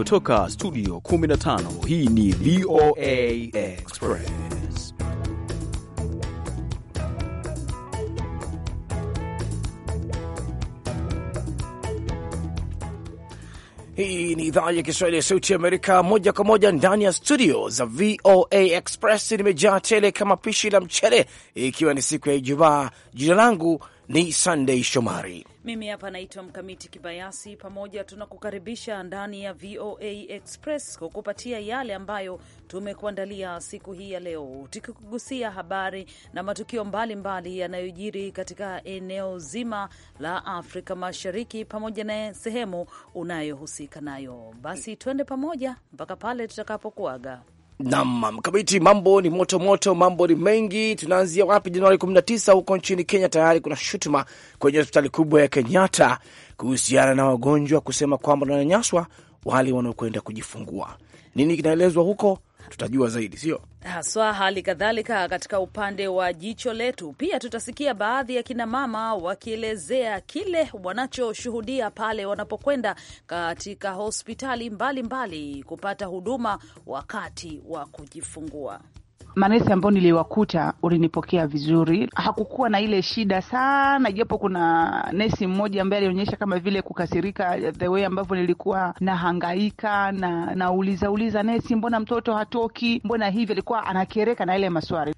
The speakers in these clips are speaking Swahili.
kutoka studio 15 hii ni VOA Express. Hii ni idhaa ya Kiswahili ya Sauti ya Amerika, moja kwa moja ndani ya studio za VOA Express. limejaa tele kama pishi la mchele, ikiwa ni siku ya Ijumaa. Jina langu ni Sunday Shomari, mimi hapa naitwa Mkamiti Kibayasi. Pamoja tunakukaribisha ndani ya VOA Express kukupatia yale ambayo tumekuandalia siku hii ya leo, tukikugusia habari na matukio mbalimbali yanayojiri katika eneo zima la Afrika Mashariki pamoja na sehemu unayohusika nayo. Basi twende pamoja mpaka pale tutakapokuaga. Naam, mkamiti, mambo ni moto moto, mambo ni mengi. Tunaanzia wapi? Januari 19 huko nchini Kenya tayari kuna shutuma kwenye hospitali kubwa ya Kenyatta kuhusiana na wagonjwa kusema kwamba wananyanyaswa wale wanaokwenda kujifungua. Nini kinaelezwa huko? tutajua zaidi, sio haswa. Hali kadhalika katika upande wa jicho letu pia tutasikia baadhi ya kinamama wakielezea kile wanachoshuhudia pale wanapokwenda katika hospitali mbalimbali mbali kupata huduma wakati wa kujifungua. Manesi ambao niliwakuta ulinipokea vizuri, hakukuwa na ile shida sana, japo kuna nesi mmoja ambaye alionyesha kama vile kukasirika, the way ambavyo nilikuwa nahangaika na nauliza uliza, nesi, mbona mtoto hatoki, mbona hivi, alikuwa anakereka na ile maswali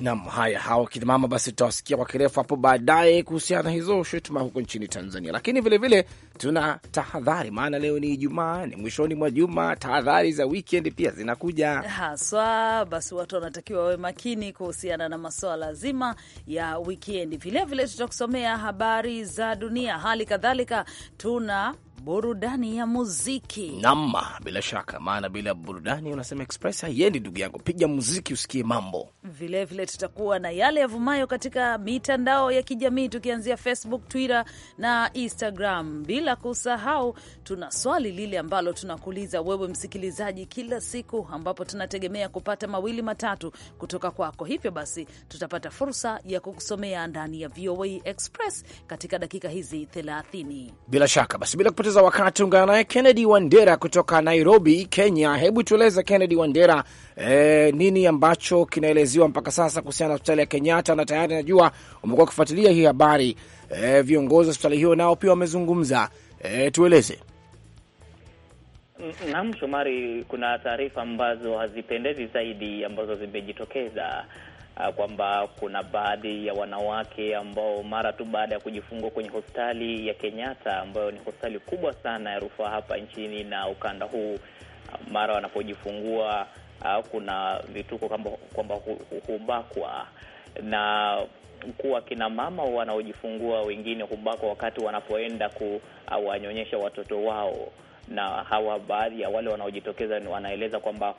Nam, haya, hawa akimama basi tutawasikia kwa kirefu hapo baadaye kuhusiana na hizo shutuma huko nchini Tanzania, lakini vilevile vile, tuna tahadhari, maana leo ni Ijumaa, ni mwishoni mwa juma, tahadhari za weekend pia zinakuja haswa. Basi watu wanatakiwa wawe makini kuhusiana na masuala zima ya weekend. Vilevile tutakusomea habari za dunia, hali kadhalika tuna burudani ya muziki. nama, bila shaka, maana bila burudani unasema express haiendi. Ndugu yangu, piga muziki usikie mambo. Vilevile vile tutakuwa na yale yavumayo katika mitandao ya kijamii, tukianzia Facebook, Twitter na Instagram, bila kusahau tuna swali lile ambalo tunakuuliza wewe msikilizaji kila siku, ambapo tunategemea kupata mawili matatu kutoka kwako. Hivyo basi tutapata fursa ya kukusomea ndani ya VOA Express katika dakika hizi 30. Bila shaka basi bila kupata kupoteza wakati, ungana naye Kennedy Wandera kutoka Nairobi, Kenya. Hebu tueleze Kennedy Wandera, eh, nini ambacho kinaelezewa mpaka sasa kuhusiana na hospitali ya Kenyatta? Na tayari najua umekuwa ukifuatilia hii habari eh, viongozi wa hospitali hiyo nao pia wamezungumza, eh, tueleze. Naam, Shomari, kuna taarifa ambazo hazipendezi zaidi ambazo zimejitokeza Ah, kwamba kuna baadhi ya wanawake ambao mara tu baada ya kujifungua kwenye hospitali ya Kenyatta ambayo ni hospitali kubwa sana ya rufaa hapa nchini na ukanda huu, mara wanapojifungua ah, kuna vituko kwamba hubakwa na kuwa kina mama wanaojifungua wengine hubakwa wakati wanapoenda kuwanyonyesha ah, watoto wao na hawa baadhi ya wale wanaojitokeza wanaeleza kwamba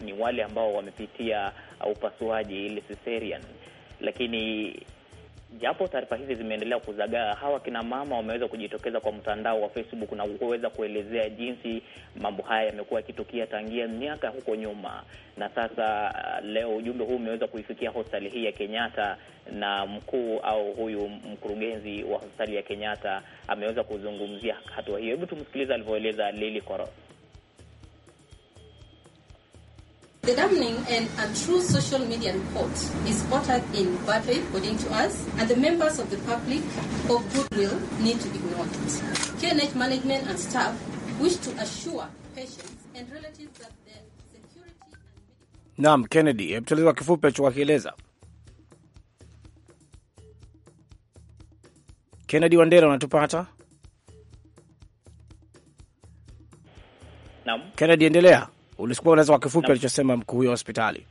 ni wale ambao wamepitia upasuaji ile cesarean, lakini japo taarifa hizi zimeendelea kuzagaa, hawa kina mama wameweza kujitokeza kwa mtandao wa Facebook na kuweza kuelezea jinsi mambo haya yamekuwa yakitukia tangia miaka huko nyuma, na sasa uh, leo ujumbe huu umeweza kuifikia hospitali hii ya Kenyatta, na mkuu au huyu mkurugenzi wa hospitali ya Kenyatta ameweza kuzungumzia hatua hiyo. Hebu tumsikilize alivyoeleza Lili Koro. The damning and untrue social media report is uttered in bad faith, according to us, and the members of the public of goodwill need to ignore it. KNH management and staff wish to assure patients and relatives that their security and... Naam, Kennedy, hebu tueleze kwa kifupi alichokieleza. Kennedy Wandera, unatupata? Naam. Kennedy, endelea ulisikuwa unaweza kwa kifupi alichosema mkuu huyo wa hospitali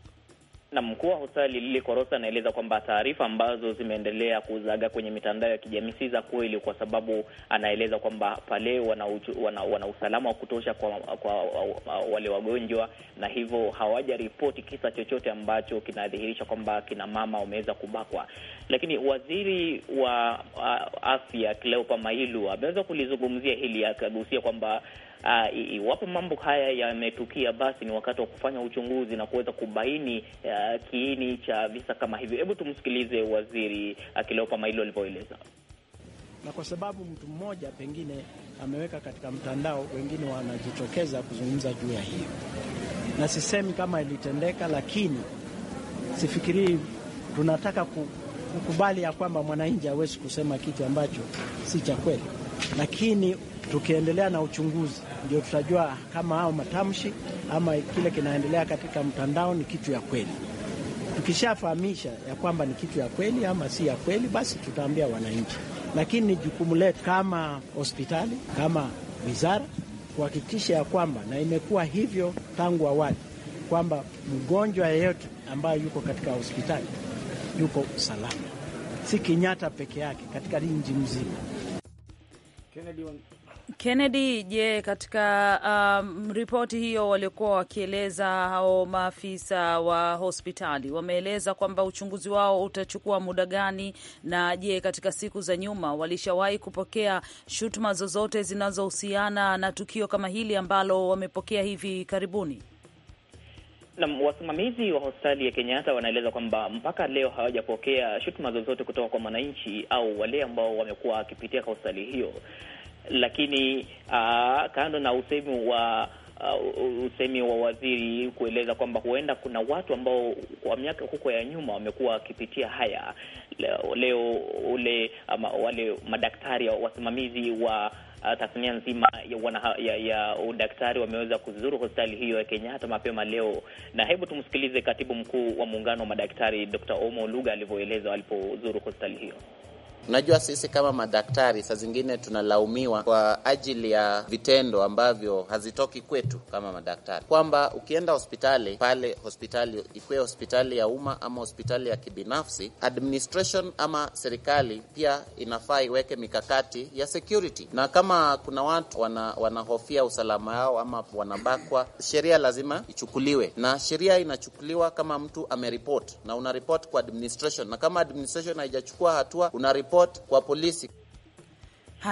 na mkuu wa hospitali Lili Korosa anaeleza kwamba taarifa ambazo zimeendelea kuzaga kwenye mitandao ya kijamii si za kweli, kwa sababu anaeleza kwamba pale wana, wana, wana usalama wa kutosha kwa, kwa wale wagonjwa, na hivyo hawajaripoti kisa chochote ambacho kinadhihirisha kwamba kina mama wameweza kubakwa. Lakini waziri wa uh, afya Cleopa Mailu ameweza kulizungumzia hili akagusia kwamba uh, iwapo mambo haya yametukia, basi ni wakati wa kufanya uchunguzi na kuweza kubaini uh, kiini cha visa kama hivyo. Hebu tumsikilize waziri uh, Cleopa Mailu alivyoeleza na kwa sababu mtu mmoja pengine ameweka katika mtandao, wengine wanajitokeza kuzungumza juu ya hiyo, na sisemi kama ilitendeka, lakini sifikirii tunataka kukubali ya kwamba mwananchi hawezi kusema kitu ambacho si cha kweli, lakini tukiendelea na uchunguzi ndio tutajua kama hao matamshi ama kile kinaendelea katika mtandao ni kitu ya kweli. Tukishafahamisha ya kwamba ni kitu ya kweli ama si ya kweli, basi tutaambia wananchi, lakini ni jukumu letu kama hospitali, kama wizara kuhakikisha ya kwamba, na imekuwa hivyo tangu awali, kwamba mgonjwa yeyote ambaye yuko katika hospitali yuko salama, si Kenyatta peke yake, katika nchi mzima. Kennedy, Kennedy, je, katika um, ripoti hiyo waliokuwa wakieleza hao maafisa wa hospitali wameeleza kwamba uchunguzi wao utachukua muda gani? Na je, katika siku za nyuma walishawahi kupokea shutuma zozote zinazohusiana na tukio kama hili ambalo wamepokea hivi karibuni? Na wasimamizi wa hospitali ya Kenyatta wanaeleza kwamba mpaka leo hawajapokea shutuma zozote kutoka kwa wananchi au wale ambao wamekuwa wakipitia kwa hospitali hiyo, lakini aa, ah, kando na usemi wa Uh, usemi wa waziri kueleza kwamba huenda kuna watu ambao kwa miaka huko ya nyuma wamekuwa wakipitia haya leo, leo ule ama, wale madaktari wasimamizi wa Ah, tasnia nzima ya, wana, ya, ya udaktari wameweza kuzuru hospitali hiyo ya Kenyatta mapema leo, na hebu tumsikilize katibu mkuu wa muungano wa madaktari Dr. Omo Luga alivyoeleza walipozuru hospitali hiyo. Unajua, sisi kama madaktari saa zingine tunalaumiwa kwa ajili ya vitendo ambavyo hazitoki kwetu kama madaktari, kwamba ukienda hospitali pale hospitali ikuwe hospitali ya umma ama hospitali ya kibinafsi, administration ama serikali pia inafaa iweke mikakati ya security, na kama kuna watu wana, wanahofia usalama wao ama wanabakwa, sheria lazima ichukuliwe, na sheria inachukuliwa kama mtu ameripoti, na unaripoti kwa administration, na kama administration haijachukua hatua unaripoti report kwa polisi.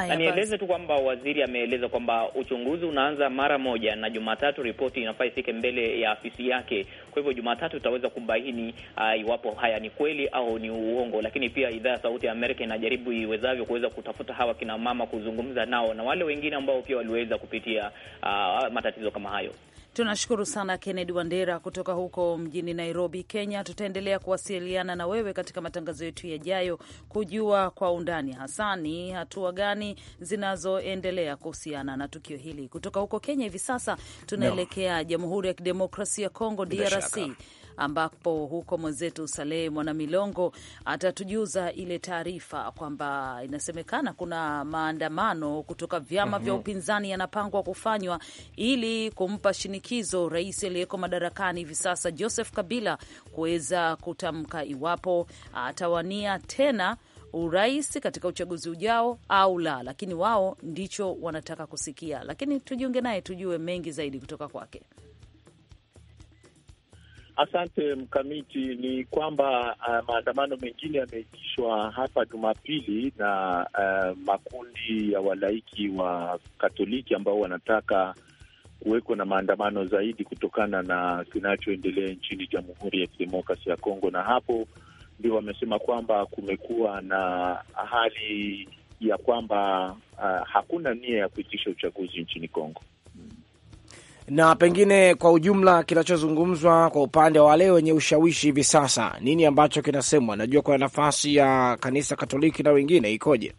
Na nieleze tu kwamba waziri ameeleza kwamba uchunguzi unaanza mara moja, na Jumatatu ripoti inafaa ifike mbele ya afisi yake. Kwa hivyo Jumatatu itaweza kubaini uh, iwapo haya ni kweli au ni uongo. Lakini pia idhaa ya Sauti ya Amerika inajaribu iwezavyo kuweza kutafuta hawa kina mama, kuzungumza nao na wale wengine ambao pia waliweza kupitia uh, matatizo kama hayo. Tunashukuru sana Kennedy Wandera kutoka huko mjini Nairobi, Kenya. Tutaendelea kuwasiliana na wewe katika matangazo yetu yajayo kujua kwa undani hasa ni hatua gani zinazoendelea kuhusiana na tukio hili. Kutoka huko Kenya hivi sasa tunaelekea no. Jamhuri ya Kidemokrasia ya Kongo, DRC ambapo huko mwenzetu Salehe Mwanamilongo atatujuza ile taarifa kwamba inasemekana kuna maandamano kutoka vyama mm -hmm. vya mhm. upinzani yanapangwa kufanywa ili kumpa shinikizo rais aliyeko madarakani hivi sasa Joseph Kabila kuweza kutamka iwapo atawania tena urais katika uchaguzi ujao au la, lakini wao ndicho wanataka kusikia. Lakini tujiunge naye tujue mengi zaidi kutoka kwake. Asante Mkamiti, ni kwamba uh, maandamano mengine yameitishwa hapa Jumapili na uh, makundi ya walaiki wa Katoliki ambao wanataka kuwekwa na maandamano zaidi kutokana na kinachoendelea nchini Jamhuri ya Kidemokrasi ya Kongo, na hapo ndio wamesema kwamba kumekuwa na hali ya kwamba uh, hakuna nia ya kuitisha uchaguzi nchini Kongo na pengine kwa ujumla kinachozungumzwa kwa upande wa wale wenye ushawishi hivi sasa, nini ambacho kinasemwa? Najua kuna nafasi ya kanisa Katoliki na wengine ikoje?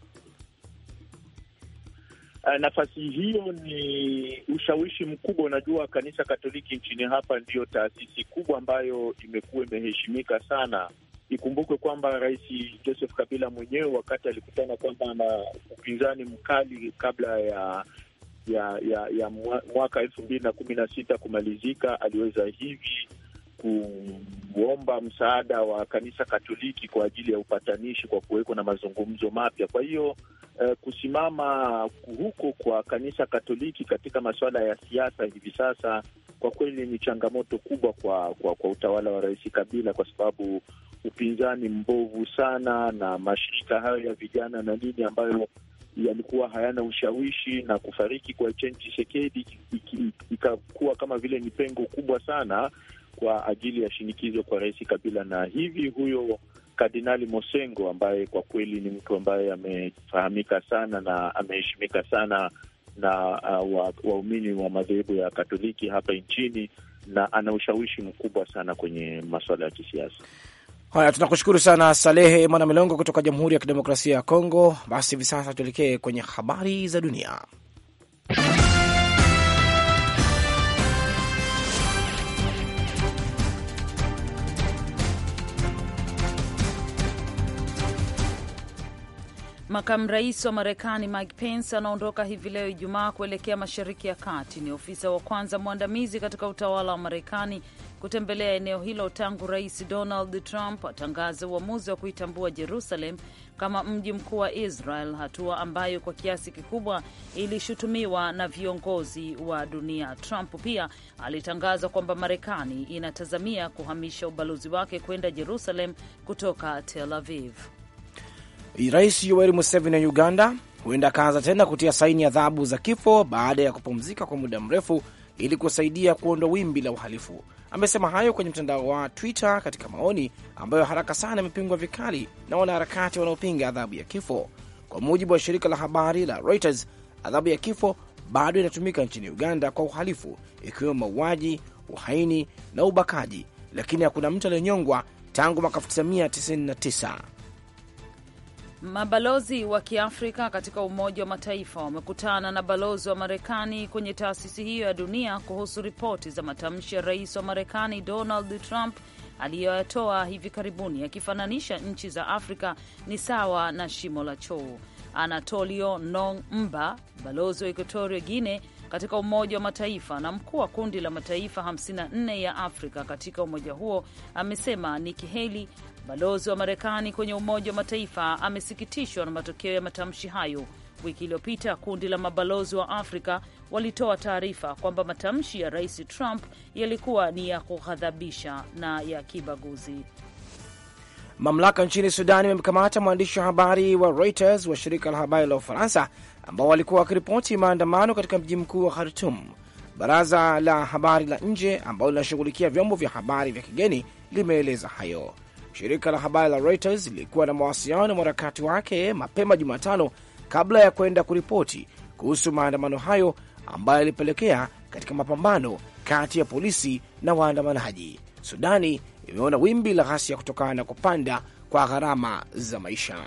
Ah, nafasi hiyo ni ushawishi mkubwa. Unajua, kanisa Katoliki nchini hapa ndiyo taasisi kubwa ambayo imekuwa imeheshimika sana. Ikumbukwe kwamba Rais Joseph Kabila mwenyewe wakati alikutana kwamba na upinzani mkali kabla ya ya ya ya mwaka elfu mbili na kumi na sita kumalizika, aliweza hivi kuomba msaada wa kanisa Katoliki kwa ajili ya upatanishi kwa kuwekwa na mazungumzo mapya. Kwa hiyo eh, kusimama huko kwa kanisa Katoliki katika masuala ya siasa hivi sasa kwa kweli ni changamoto kubwa kwa, kwa, kwa utawala wa Rais Kabila kwa sababu upinzani mbovu sana na mashirika hayo ya vijana na nini ambayo yalikuwa hayana ushawishi na kufariki kwa Chen Chisekedi ikakuwa kama vile ni pengo kubwa sana kwa ajili ya shinikizo kwa Rais Kabila, na hivi huyo Kardinali Mosengo ambaye kwa kweli ni mtu ambaye amefahamika sana na ameheshimika sana na uh, waumini wa, wa madhehebu ya Katoliki hapa nchini na ana ushawishi mkubwa sana kwenye masuala ya kisiasa. Haya, tunakushukuru sana Salehe Mwana Milongo kutoka Jamhuri ya Kidemokrasia ya Kongo. Basi hivi sasa tuelekee kwenye habari za dunia. Makamu rais wa Marekani Mike Pence anaondoka hivi leo Ijumaa kuelekea mashariki ya kati. Ni ofisa wa kwanza mwandamizi katika utawala wa Marekani kutembelea eneo hilo tangu Rais Donald Trump atangaze uamuzi wa kuitambua Jerusalem kama mji mkuu wa Israel, hatua ambayo kwa kiasi kikubwa ilishutumiwa na viongozi wa dunia. Trump pia alitangaza kwamba Marekani inatazamia kuhamisha ubalozi wake kwenda Jerusalem kutoka Tel Aviv. Rais Yoweri Museveni wa Uganda huenda akaanza tena kutia saini adhabu za kifo baada ya kupumzika kwa muda mrefu ili kusaidia kuondoa wimbi la uhalifu amesema hayo kwenye mtandao wa Twitter katika maoni ambayo haraka sana yamepingwa vikali na wanaharakati wanaopinga adhabu ya kifo. Kwa mujibu wa shirika la habari la Reuters, adhabu ya kifo bado inatumika nchini Uganda kwa uhalifu ikiwemo mauaji, uhaini na ubakaji, lakini hakuna mtu aliyonyongwa tangu mwaka 1999. Mabalozi wa Kiafrika katika Umoja wa Mataifa wamekutana na balozi wa Marekani kwenye taasisi hiyo ya dunia kuhusu ripoti za matamshi ya rais wa Marekani Donald Trump aliyoyatoa hivi karibuni akifananisha nchi za Afrika ni sawa na shimo la choo. Anatolio Nong Mba, balozi wa Equatorio Guine katika Umoja wa Mataifa na mkuu wa kundi la mataifa 54 ya Afrika katika umoja huo, amesema Nikki Haley Balozi wa Marekani kwenye Umoja wa Mataifa amesikitishwa na matokeo ya matamshi hayo. Wiki iliyopita kundi la mabalozi wa Afrika walitoa taarifa kwamba matamshi ya Rais Trump yalikuwa ni ya kughadhabisha na ya kibaguzi. Mamlaka nchini Sudan imemkamata mwandishi wa habari wa Reuters wa shirika la habari la Ufaransa ambao walikuwa wakiripoti maandamano katika mji mkuu wa Khartum. Baraza la habari la nje ambalo linashughulikia vyombo vya habari vya kigeni limeeleza hayo. Shirika la habari la Reuters lilikuwa na mawasiliano na mwarakati wake mapema Jumatano kabla ya kwenda kuripoti kuhusu maandamano hayo ambayo yalipelekea katika mapambano kati ya polisi na waandamanaji. Sudani imeona wimbi la ghasia kutokana na kupanda kwa gharama za maisha.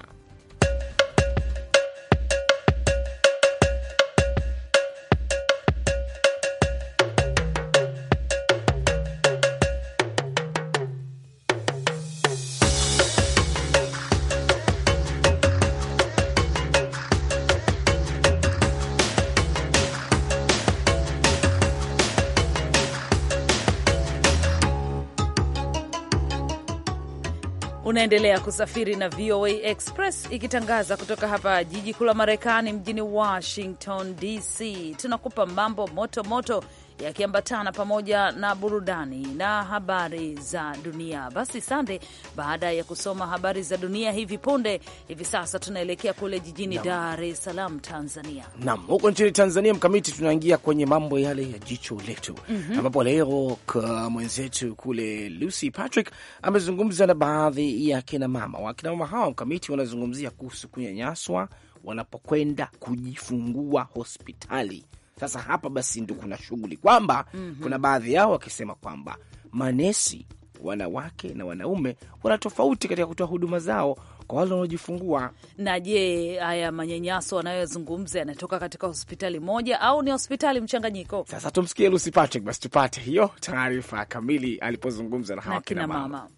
Unaendelea kusafiri na VOA Express ikitangaza kutoka hapa jiji kuu la Marekani, mjini Washington DC. Tunakupa mambo moto moto yakiambatana pamoja na burudani na habari za dunia. Basi sande, baada ya kusoma habari za dunia hivi punde, hivi sasa tunaelekea kule jijini Dar es Salaam, Tanzania. Naam, huko nchini Tanzania mkamiti, tunaingia kwenye mambo yale ya jicho letu, mhm. ambapo mm -hmm. leo mwenzetu kule Lucy Patrick amezungumza na baadhi ya kinamama. Wakinamama hawa mkamiti wanazungumzia kuhusu kunyanyaswa wanapokwenda kujifungua hospitali sasa hapa basi ndo kuna shughuli kwamba mm -hmm. kuna baadhi yao wakisema kwamba manesi wanawake na wanaume wana tofauti katika kutoa huduma zao kwa wale wanaojifungua. Na je, haya manyanyaso wanayozungumza yanatoka katika hospitali moja au ni hospitali mchanganyiko? Sasa tumsikie Lucy Patrick basi tupate hiyo taarifa kamili alipozungumza na hawa kina mama.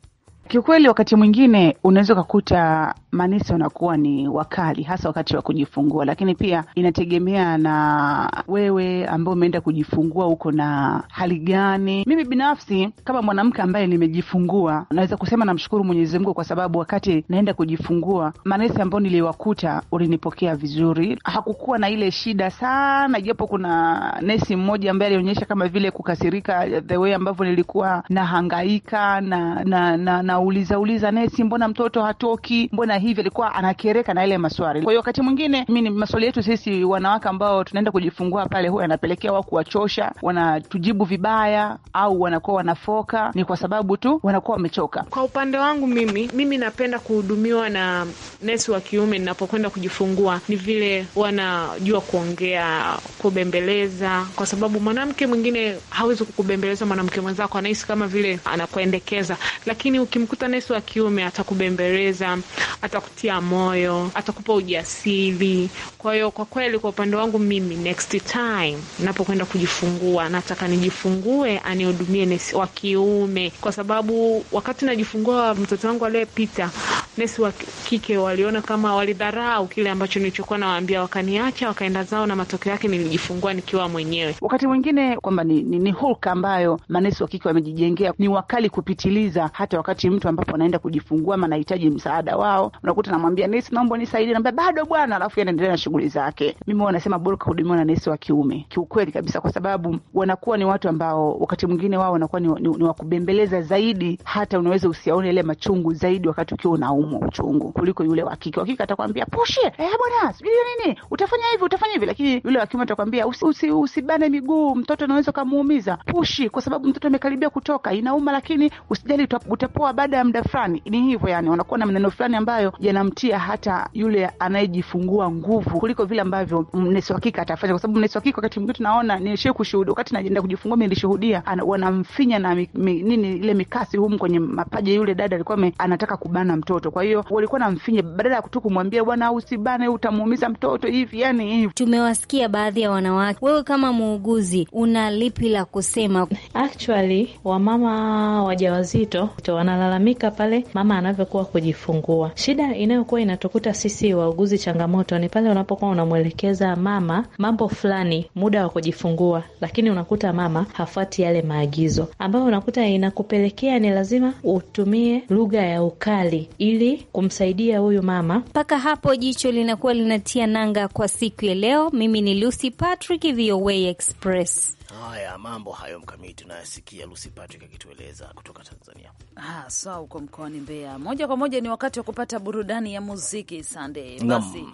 Kiukweli wakati mwingine unaweza ukakuta manesi wanakuwa ni wakali, hasa wakati wa kujifungua, lakini pia inategemea na wewe ambao umeenda kujifungua uko na hali gani. Mimi binafsi kama mwanamke ambaye nimejifungua, naweza kusema namshukuru Mwenyezi Mungu kwa sababu wakati naenda kujifungua, manesi ambao niliwakuta ulinipokea vizuri, hakukuwa na ile shida sana, japo kuna nesi mmoja ambaye alionyesha kama vile kukasirika the way ambavyo nilikuwa nahangaika na, na, na, na unauliza uliza nesi, mbona mtoto hatoki, mbona hivi, alikuwa anakereka na ile maswali. Kwa hiyo wakati mwingine mimi maswali yetu sisi wanawake ambao tunaenda kujifungua pale, huwa yanapelekea wao kuwachosha, wanatujibu vibaya au wanakuwa wanafoka, ni kwa sababu tu wanakuwa wamechoka. Kwa upande wangu mimi, mimi napenda kuhudumiwa na nesi wa kiume ninapokwenda kujifungua, ni vile wanajua kuongea, kubembeleza, kwa sababu mwanamke mwingine hawezi kukubembeleza mwanamke mwenzako, anahisi kama vile anakuendekeza, lakini ukim Ukimkuta nesi wa kiume atakubembeleza, atakutia moyo, atakupa ujasiri. Kwa hiyo kwa kweli, kwa upande wangu mimi, next time napokwenda kujifungua, nataka nijifungue anihudumie nesi wa kiume, kwa sababu wakati najifungua mtoto wangu aliyepita, nesi wa kike waliona kama walidharau kile ambacho nilichokuwa nawaambia, wakaniacha wakaenda zao, na matokeo yake nilijifungua nikiwa mwenyewe. Wakati mwingine kwamba ni, ni, ni hulka ambayo manesi wa kike wamejijengea, ni wakali kupitiliza, hata wakati mtu mtu ambapo anaenda kujifungua ama anahitaji msaada wao, unakuta namwambia nesi, naomba nisaidie, naambia bado bwana, alafu anaendelea na shughuli zake. Mimi nasema bora kuhudumiwa na nesi wa kiume, kiukweli kabisa, kwa sababu wanakuwa ni watu ambao wakati mwingine wao wanakuwa ni, ni, ni wakubembeleza zaidi, hata unaweza usiaone ile machungu zaidi wakati ukiwa unaumwa uchungu kuliko yule wa kike. Wa kike atakwambia pushie, eh bwana, sijui nini, utafanya hivi utafanya hivi, lakini yule wa kiume atakwambia usi, usi, miguu, mtoto anaweza ukamuumiza, pushi, kwa sababu mtoto amekaribia kutoka, inauma, lakini usijali, utapoa baada baada ya muda fulani ni hivyo, yani wanakuwa na maneno fulani ambayo yanamtia hata yule anayejifungua nguvu kuliko vile ambavyo mnesi hakika atafanya, kwa sababu mnesi hakika wakati mwingine tunaona, nilishie kushuhudia wakati naenda kujifungua, mimi nilishuhudia wanamfinya na mi, mi, nini ile mikasi humu kwenye mapaja, yule dada alikuwa anataka kubana mtoto, kwa hiyo walikuwa namfinya badala ya kutu kumwambia bwana, usibane utamuumiza mtoto hivi, yani hivi. Tumewasikia baadhi ya wanawake. Wewe kama muuguzi una lipi la kusema? Actually wamama wajawazito wanalala wanalalamika pale mama anavyokuwa kujifungua. Shida inayokuwa inatukuta sisi wauguzi, changamoto ni pale unapokuwa unamwelekeza mama mambo fulani muda wa kujifungua, lakini unakuta mama hafuati yale maagizo, ambayo unakuta inakupelekea ni lazima utumie lugha ya ukali ili kumsaidia huyu mama. Mpaka hapo jicho linakuwa linatia nanga kwa siku ya leo. Mimi ni Lucy Patrick, VOA Express. Haya mambo hayo mkamiti tunayasikia Lucy Patrick akitueleza kutoka Tanzania. Ah, haswa huko mkoani Mbeya. Moja kwa moja ni wakati wa kupata burudani ya muziki Sande Basi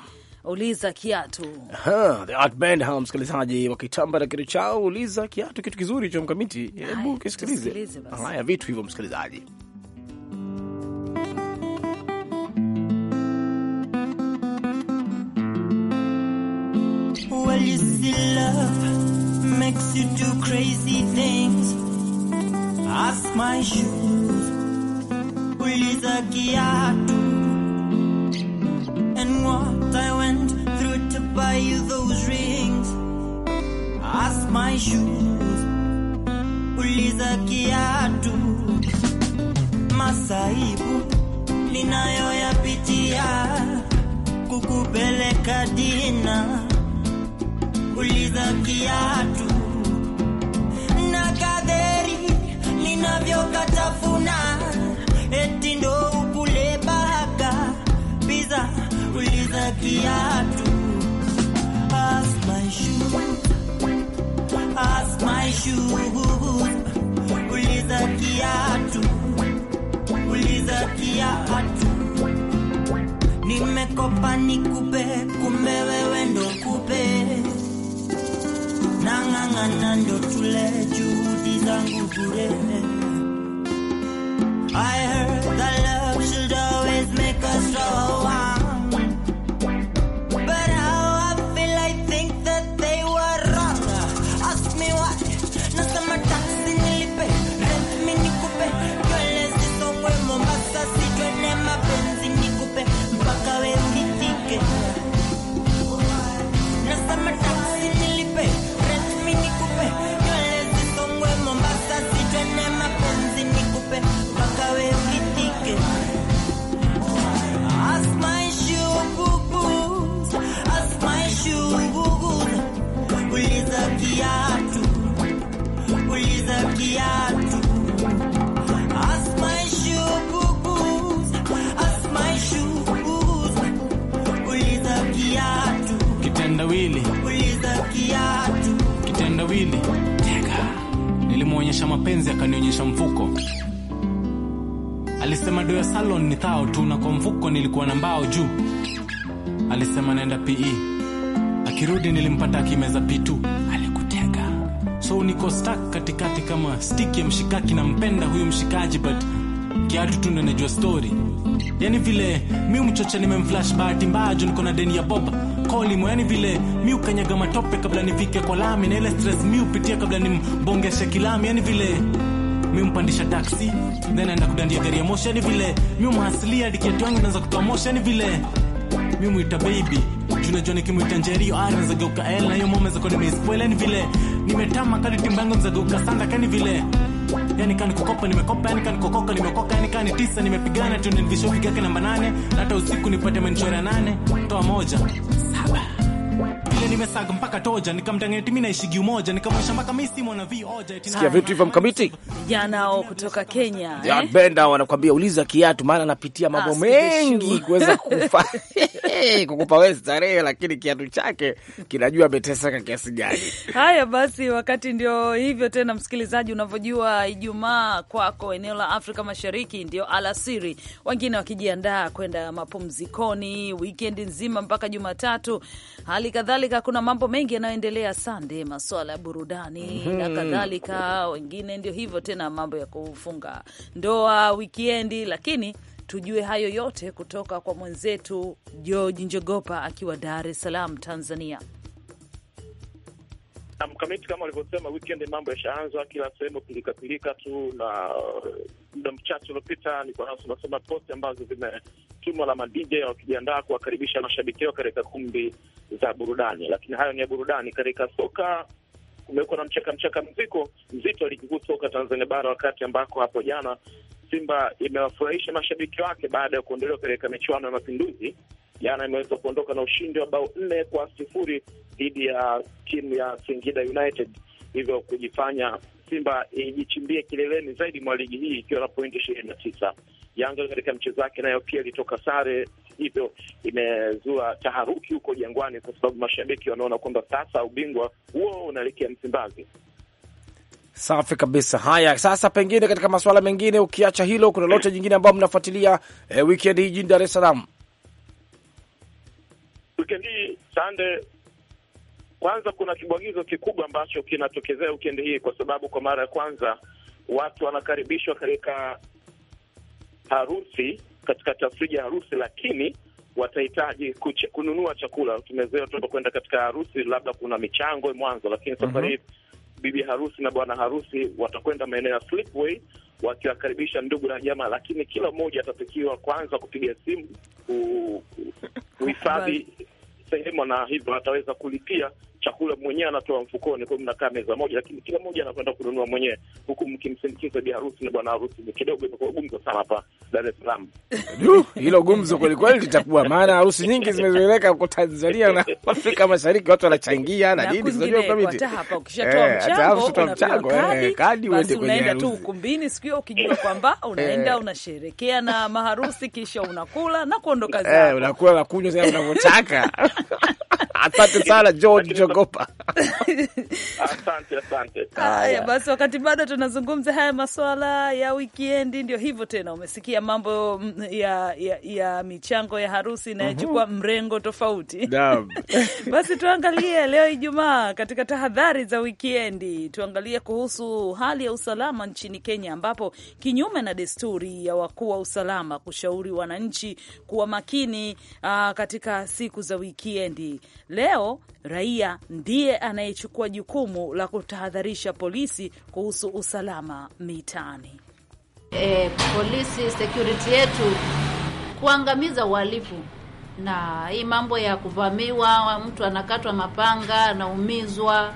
uliza kiatu, msikilizaji wakitamba na kitu chao. Uliza kiatu, kitu kizuri cha mkamiti. Hebu kisikilize haya vitu hivyo, msikilizaji well, Ask my kuuliza kiatu. And what I went through to buy you those rings. Ask my shoes, kiatu. Masaibu ninayoyapitia kukupeleka dina, uliza kiatu. Na kadheri viatu as my shoes as nimekopa nikupe, kumbe wewe ndo kupe, nang'ang'ana ndo tule, juhudi zangu bure. I heard that love should always make us strong. alisema naenda PE. Akirudi nilimpata akimeza P2. alikutega. So niko stuck katikati kama stick ya mshikaki, nampenda huyu mshikaji but kiatu tu ndo najua story. Yani vile mi mchocha nimemflash, bahati mbaya juu niko na deni ya boba kolimo. Yani vile mi ukanyaga matope kabla nifike kwa lami, na ile stress mi upitia kabla nimbongeshe kilami. Yani vile mi mpandisha taksi then aenda kudandia gari ya moshi. Yani vile mi umhasilia diketi wangu naweza kutoa moshi. Yani vile mi mwita baby tunajua nikimwita njerio ari ah, nzageuka el eh, na za mome zako nimeispoil yani vile nimetama kadi timbango yangu nzageuka sanda kani vile yani kani kukopa nimekopa yani kani kokoka nimekoka yani kani tisa nimepigana tu nilivishofika yake namba nane hata usiku nipate manchora nane toa moja nimesaga mpaka toja timi na ishigi umoja nikamwisha mpaka misi mwana vi oja sikia vitu hivyo mkamiti janao kutoka Kenya eh? ya Benda wanakwambia uliza kiatu, maana anapitia mambo ah, mengi kuweza kufa eh, kukupa wewe starehe, lakini kiatu chake kinajua ameteseka kiasi gani. Haya basi, wakati ndio hivyo tena, msikilizaji, unavyojua Ijumaa kwako eneo la Afrika Mashariki ndio alasiri, wengine wakijiandaa kwenda mapumzikoni wikendi nzima mpaka Jumatatu, hali kadhalika kuna mambo mengi yanayoendelea sande, maswala ya burudani mm -hmm. na mhm. kadhalika. Wengine ndio hivyo tena, mambo ya kufunga ndoa wikiendi lakini tujue hayo yote kutoka kwa mwenzetu George Njogopa akiwa Dar es Salaam, Tanzania na mkamiti kama walivyosema, weekend mambo yashaanza kila sehemu, pilikapilika tu, na uh, muda mchache uliopita nilikuwa nao posti ambazo zimetumwa na madj wakijiandaa kuwakaribisha mashabiki wao katika kumbi za burudani. Lakini hayo ni ya burudani. Katika soka kumekuwa na mchaka mchaka mziko mzito wa ligi kuu soka Tanzania bara, wakati ambako hapo jana Simba imewafurahisha mashabiki wake baada ya kuondolewa katika michuano ya Mapinduzi jana imeweza kuondoka na ushindi wa bao nne kwa sifuri dhidi ya timu ya Singida United, hivyo kujifanya Simba ijichimbie kileleni zaidi mwa ligi hii ikiwa na pointi ishirini na tisa. Yanga katika mchezo wake nayo pia ilitoka sare, hivyo imezua taharuki huko Jangwani kwa sababu mashabiki wanaona kwamba sasa ubingwa huo unaelekea Msimbazi. Safi kabisa. Haya, sasa pengine katika masuala mengine, ukiacha hilo, kuna lote jingine ambayo mnafuatilia eh, wikendi hii jijini Dar es Salaam? wikendi hii sande, kwanza kuna kibwagizo kikubwa ambacho kinatokezea wikendi hii, kwa sababu kwa mara ya kwanza watu wanakaribishwa katika harusi, katika tafrija ya harusi, lakini watahitaji kununua chakula. Tumezoea kwenda katika harusi, labda kuna michango mwanzo, lakini safari mhm. hii mm -hmm. bibi harusi na bwana harusi watakwenda maeneo ya Slipway wakiwakaribisha ndugu na jamaa, lakini kila mmoja atatakiwa kwanza kupiga simu kuhifadhi sehemu, na hivyo ataweza kulipia chakula mwenyewe, anatoa mfukoni. Kwa hiyo mnakaa meza moja, lakini kila mmoja anakwenda kununua mwenyewe, huku mkimsindikiza bi harusi na bwana harusi. Kidogo imekuwa gumzo sana hapa Dar es Salaam. Hilo gumzo kweli kweli litakuwa, maana harusi nyingi zimezoeleka huko Tanzania na Afrika Mashariki, watu wanachangia na dini kwa miti. hata hapa ukishatoa eh, mchango eh, kadi uende kwenye harusi. unaenda tu ukumbini siku hiyo ukijua eh. kwamba unaenda unasherekea na maharusi kisha unakula na kuondoka zako. Eh, unakula na kunywa zile unavyotaka. Asante sana George Jogopa. Asante, asante. Haya basi, wakati bado tunazungumza haya masuala ya weekend, ndio hivyo tena umesikia ya mambo mm, ya ya, ya michango ya harusi inayochukua mhm. mm -hmm. mrengo tofauti basi tuangalie leo Ijumaa, katika tahadhari za wikiendi, tuangalie kuhusu hali ya usalama nchini Kenya, ambapo kinyume na desturi ya wakuu wa usalama kushauri wananchi kuwa makini uh, katika siku za wikiendi, leo raia ndiye anayechukua jukumu la kutahadharisha polisi kuhusu usalama mitaani e, polisi security yetu kuangamiza uhalifu na hii mambo ya kuvamiwa, mtu anakatwa mapanga, anaumizwa,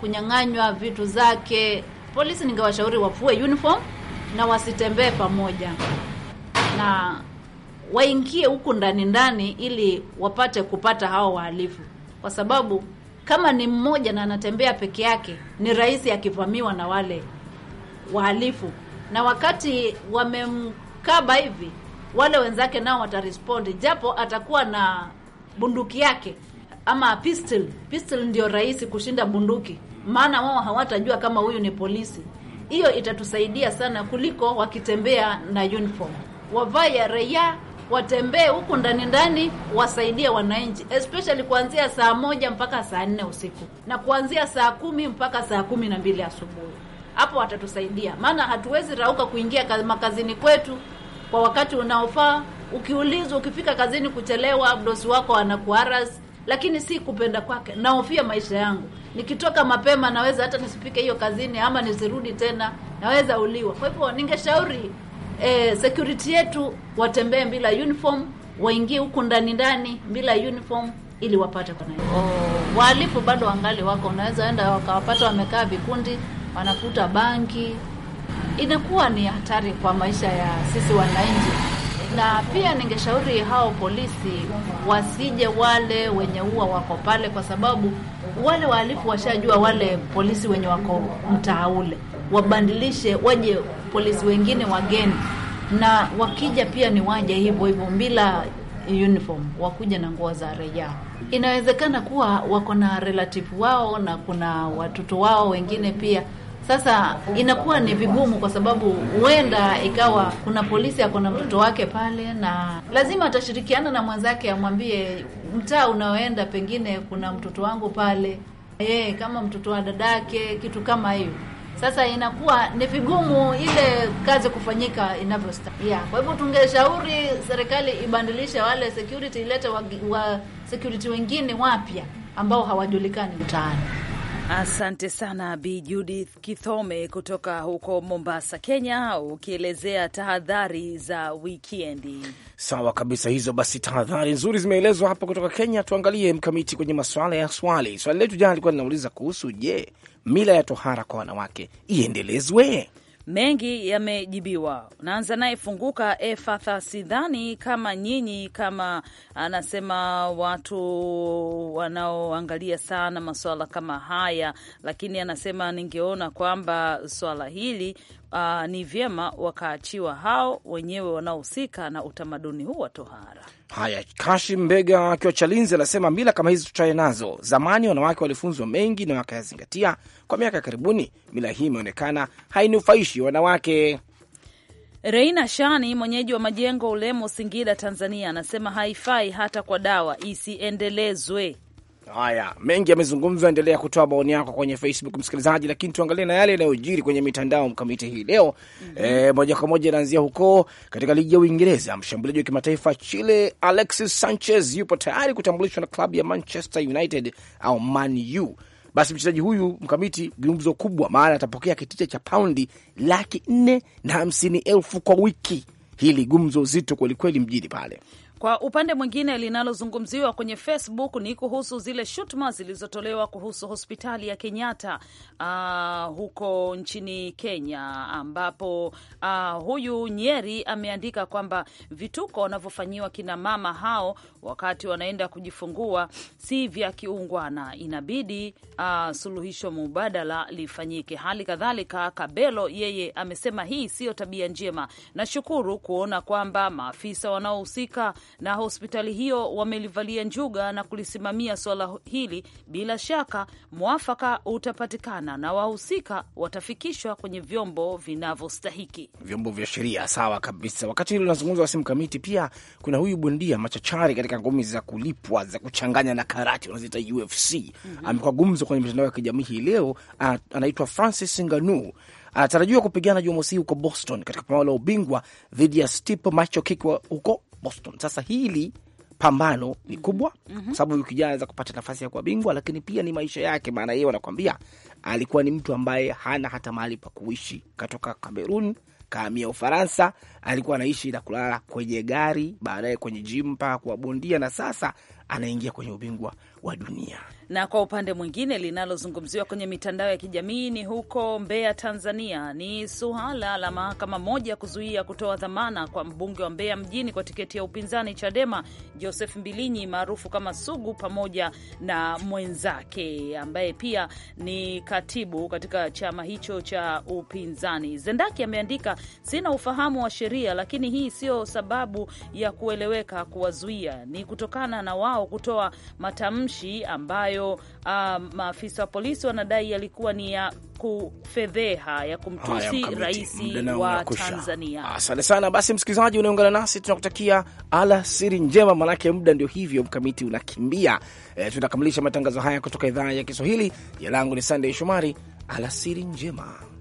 kunyang'anywa vitu zake. Polisi ningewashauri wafue uniform na wasitembee pamoja, na waingie huku ndani ndani, ili wapate kupata hao wahalifu, kwa sababu kama ni mmoja na anatembea peke yake, ni rahisi akivamiwa na wale wahalifu na wakati wamemkaba hivi, wale wenzake nao watarespondi, japo atakuwa na bunduki yake ama pistol. Pistol ndio rahisi kushinda bunduki, maana wao hawatajua kama huyu ni polisi. Hiyo itatusaidia sana kuliko wakitembea na uniform. Wavae ya raia, watembee huku ndani ndani, wasaidie wananchi, especially kuanzia saa moja mpaka saa nne usiku na kuanzia saa kumi mpaka saa kumi na mbili asubuhi hapo watatusaidia, maana hatuwezi rauka kuingia makazini kwetu kwa wakati unaofaa. Ukiulizwa, ukifika kazini kuchelewa, bosi wako anakuharas, lakini si kupenda kwake. naofia maisha yangu, nikitoka mapema naweza hata nisifike hiyo kazini, ama nisirudi tena, naweza uliwa. Kwa hivyo ningeshauri eh, security yetu watembee bila uniform, waingie huku ndani ndani bila uniform ili wapate. Kuna oh, wahalifu bado wangali wako, unaweza enda wakawapata wamekaa vikundi wanafuta banki. Inakuwa ni hatari kwa maisha ya sisi wananchi, na pia ningeshauri hao polisi wasije wale wenye huwa wako pale, kwa sababu wale wahalifu washajua wale polisi wenye wako mtaa ule, wabandilishe waje polisi wengine wageni, na wakija pia ni waje hivyo hivyo bila uniform wakuja na nguo za raia. Inawezekana kuwa wako na relative wao na kuna watoto wao wengine pia sasa inakuwa ni vigumu, kwa sababu huenda ikawa kuna polisi ako na mtoto wake pale, na lazima atashirikiana na mwenzake, amwambie mtaa unaoenda, pengine kuna mtoto wangu pale, yeye kama mtoto wa dadake, kitu kama hiyo. Sasa inakuwa ni vigumu ile kazi kufanyika inavyostahili. Yeah. Kwa hivyo tungeshauri serikali ibadilishe wale security, ilete wa, wa security wengine wapya ambao hawajulikani mtaani. Asante sana Bi Judith Kithome kutoka huko Mombasa, Kenya, ukielezea tahadhari za wikendi. Sawa kabisa, hizo basi tahadhari nzuri zimeelezwa hapa kutoka Kenya. Tuangalie mkamiti kwenye maswala ya swali. Swali letu jana likuwa linauliza kuhusu, je, mila ya tohara kwa wanawake iendelezwe? mengi yamejibiwa. Naanza naye Funguka Efatha. Sidhani kama nyinyi kama anasema ah, watu wanaoangalia sana masuala kama haya, lakini anasema ningeona kwamba swala hili uh, ni vyema wakaachiwa hao wenyewe wanaohusika na utamaduni huu wa tohara. Haya, Kashi Mbega akiwa Chalinzi anasema mila kama hizi tutae nazo. Zamani wanawake walifunzwa mengi na wakayazingatia. Kwa miaka ya karibuni, mila hii imeonekana hainufaishi wanawake. Reina Shani, mwenyeji wa Majengo, Ulemo, Singida, Tanzania, anasema haifai hata kwa dawa, isiendelezwe. Haya, mengi yamezungumzwa. Endelea kutoa maoni yako kwenye Facebook, msikilizaji, lakini tuangalie na yale yanayojiri kwenye mitandao mkamiti hii leo. mm -hmm. E, moja kwa moja inaanzia huko katika ligi ya Uingereza. Mshambuliaji wa kimataifa Chile Alexis Sanchez yupo tayari kutambulishwa na klabu ya Manchester United au Man U. Basi mchezaji huyu mkamiti, gumzo kubwa, maana atapokea kitita cha paundi laki nne na hamsini elfu kwa wiki. Hili gumzo zito kwelikweli mjini pale kwa upande mwingine, linalozungumziwa kwenye Facebook ni kuhusu zile shutuma zilizotolewa kuhusu hospitali ya Kenyatta uh, huko nchini Kenya, ambapo uh, huyu Nyeri ameandika kwamba vituko wanavyofanyiwa kina mama hao wakati wanaenda kujifungua si vya kiungwana, inabidi uh, suluhisho mubadala lifanyike. Hali kadhalika Kabelo yeye amesema hii siyo tabia njema. Nashukuru kuona kwamba maafisa wanaohusika na hospitali hiyo wamelivalia njuga na kulisimamia suala hili. Bila shaka mwafaka utapatikana na wahusika watafikishwa kwenye vyombo vinavyostahiki, vyombo vya sheria. Sawa kabisa. Wakati hili unazungumza wasi kamiti, pia kuna huyu bondia machachari katika ngumi za kulipwa za kuchanganya na karate wanaziita UFC. mm -hmm. Amekuwa gumzo kwenye mitandao ya kijamii hii leo, anaitwa Francis Ngannou anatarajiwa kupigana Jumamosi huko Boston katika pambano la ubingwa dhidi ya Stipe Miocic huko Boston. Sasa hili pambano ni kubwa mm -hmm. kwa sababu huyu anaweza kupata nafasi ya kuwa bingwa, lakini pia ni maisha yake, maana yeye wanakwambia alikuwa ni mtu ambaye hana hata mahali pa kuishi, katoka Kamerun kaamia Ufaransa, alikuwa anaishi na kulala kwenye gari, baadaye kwenye jimu mpaka kuwa bondia, na sasa anaingia kwenye ubingwa wa dunia. Na kwa upande mwingine linalozungumziwa kwenye mitandao ya kijamii ni huko Mbeya, Tanzania, ni suala la mahakama moja kuzuia kutoa dhamana kwa mbunge wa Mbeya mjini kwa tiketi ya upinzani Chadema Joseph Mbilinyi maarufu kama Sugu, pamoja na mwenzake ambaye pia ni katibu katika chama hicho cha upinzani. Zendaki ameandika, sina ufahamu wa sheria, lakini hii siyo sababu ya kueleweka kuwazuia, ni kutokana na wao kutoa matamshi ambayo uh, maafisa wa polisi wanadai yalikuwa ni ya kufedheha, ya kumtusi rais wa Tanzania. Asante sana. Basi msikilizaji, unaungana nasi, tunakutakia alasiri njema, maanake muda ndio hivyo, mkamiti unakimbia. E, tunakamilisha matangazo haya kutoka idhaa ya Kiswahili. Jina langu ni Sandey Shomari. Alasiri njema.